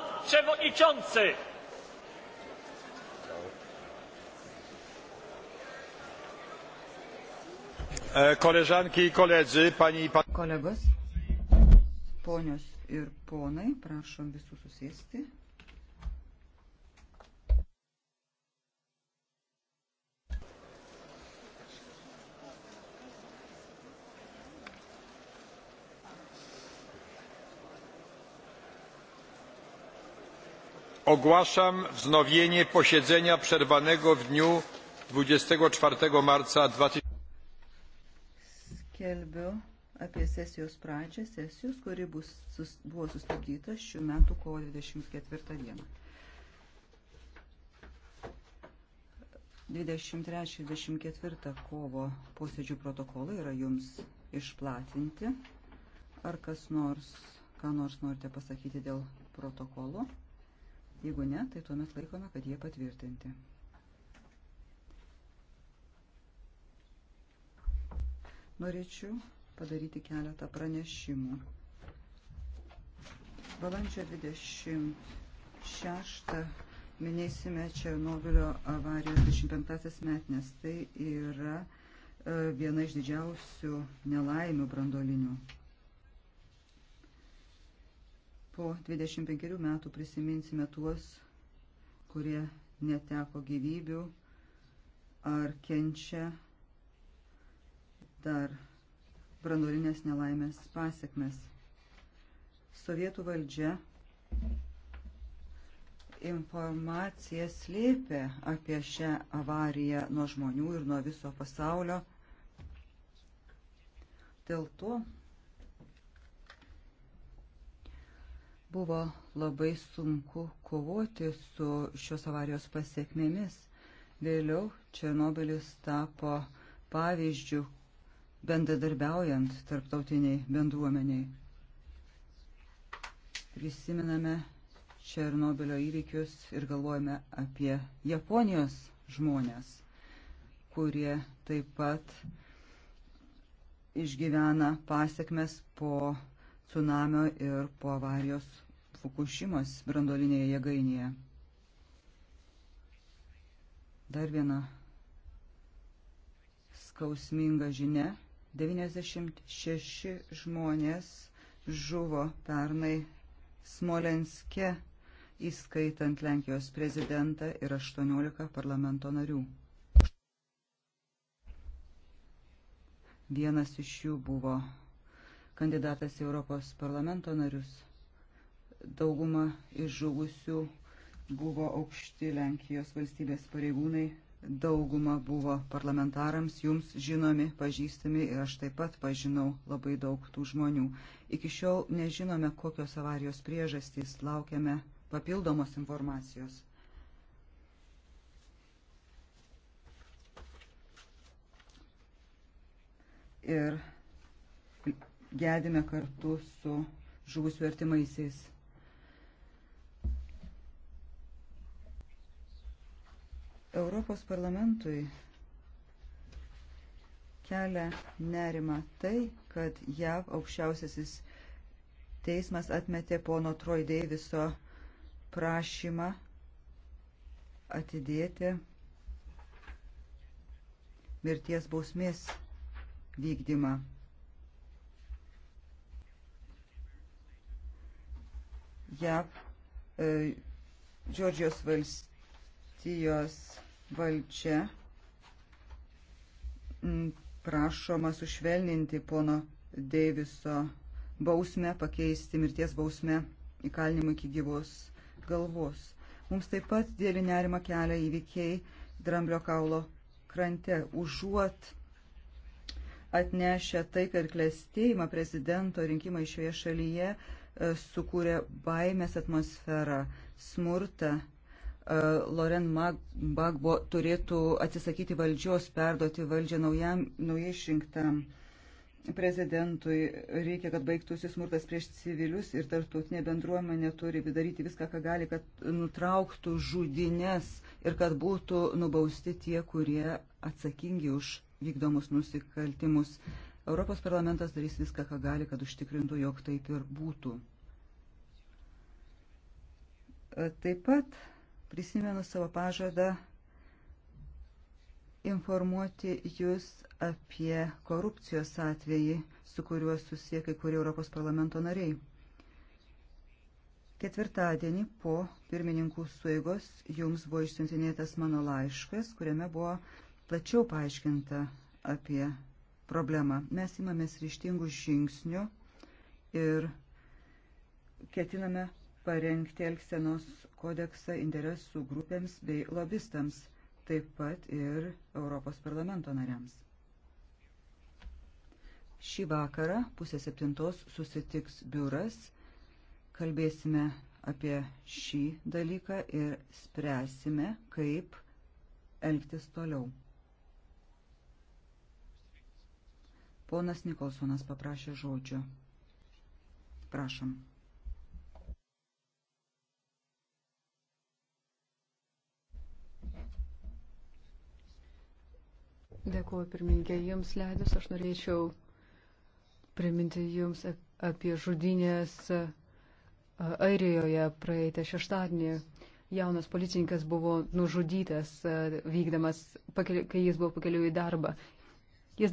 Pan Przewodniczący! E, koleżanki i koledzy, pani i pan... Kolegos, ponios ir ponai, prašom visų susėsti. Ogłaszam wznowienie posiedzenia przerwanego w dniu 24 marca 2000. Skelbiu apie sesijos pradžią, sesijos, kuri bus, sus, buvo sustabdyta šių metų kovo 24 dieną. 23-24 kovo posėdžių protokolai yra jums išplatinti. Ar kas nors, ką nors norite pasakyti dėl protokolo? Jeigu ne, tai tuomet laikome, kad jie patvirtinti. Norėčiau padaryti keletą pranešimų. Balandžio 26 minėsime Černobilio avarijos 25-asias metnes. Tai yra e, viena iš didžiausių nelaimių brandolinių. Po 25 metų prisiminsime tuos, kurie neteko gyvybių ar kenčia dar branduolinės nelaimės pasiekmes. Sovietų valdžia informaciją slėpė apie šią avariją nuo žmonių ir nuo viso pasaulio. Dėl to Buvo labai sunku kovoti su šios avarijos pasiekmėmis. Vėliau Černobilis tapo pavyzdžių bendradarbiaujant tarptautiniai bendruomeniai. Prisiminame Černobilio įvykius ir galvojame apie Japonijos žmonės, kurie taip pat išgyvena pasiekmes po tsunamio ir po avarijos Fukushimos brandolinėje jėgainėje. Dar viena skausminga žinia. 96 žmonės žuvo pernai Smolenske, įskaitant Lenkijos prezidentą ir 18 parlamento narių. Vienas iš jų buvo kandidatas į Europos parlamento narius. Dauguma iš žuvusių buvo aukšti Lenkijos valstybės pareigūnai, dauguma buvo parlamentarams, jums žinomi, pažįstami ir aš taip pat pažinau labai daug tų žmonių. Iki šiol nežinome, kokios avarijos priežastys, laukiame papildomos informacijos. Ir gedime kartu su žuvusių artimaisiais. Europos parlamentui kelia nerima tai, kad JAV aukščiausiasis teismas atmetė pono Troy Daviso prašymą atidėti mirties bausmės vykdymą. JAV, e, Džordžijos valstijos valdžia prašoma sušvelninti pono Deiviso bausmę, pakeisti mirties bausmę įkalinimu iki gyvos galvos. Mums taip pat dėlį nerima kelia įvykiai dramblio kaulo krante. Užuot atnešę taiką ir klėstėjimą prezidento rinkimai šioje šalyje sukūrė baimės atmosferą, smurtą. E, Loren Bagbo turėtų atsisakyti valdžios, perduoti valdžią naujam, naujai išrinktam prezidentui. Reikia, kad baigtųsi smurtas prieš civilius ir tarptautinė bendruomenė turi daryti viską, ką gali, kad nutrauktų žudinės ir kad būtų nubausti tie, kurie atsakingi už vykdomus nusikaltimus. Europos parlamentas darys viską, ką gali, kad užtikrintų, jog taip ir būtų. E, taip pat prisimenu savo pažadą informuoti jūs apie korupcijos atvejį, su kuriuo susiję kai kurie Europos parlamento nariai. Ketvirtadienį po pirmininkų sueigos jums buvo išsiuntinėtas mano laiškas, kuriame buvo plačiau paaiškinta apie problemą. Mes imamės ryštingų žingsnių ir ketiname parengti Elksenos kodeksą interesų grupėms bei lobistams, taip pat ir Europos parlamento nariams. Šį vakarą pusę septintos susitiks biuras, kalbėsime apie šį dalyką ir spręsime, kaip elgtis toliau. Ponas Nikolsonas paprašė žodžio. Prašom. Dėkuoju, pirmininkė. Jums leidus aš norėčiau priminti jums apie žudinės Airijoje praeitą šeštadienį. Jaunas policininkas buvo nužudytas, vykdamas, kai jis buvo pakeliu į darbą. Jis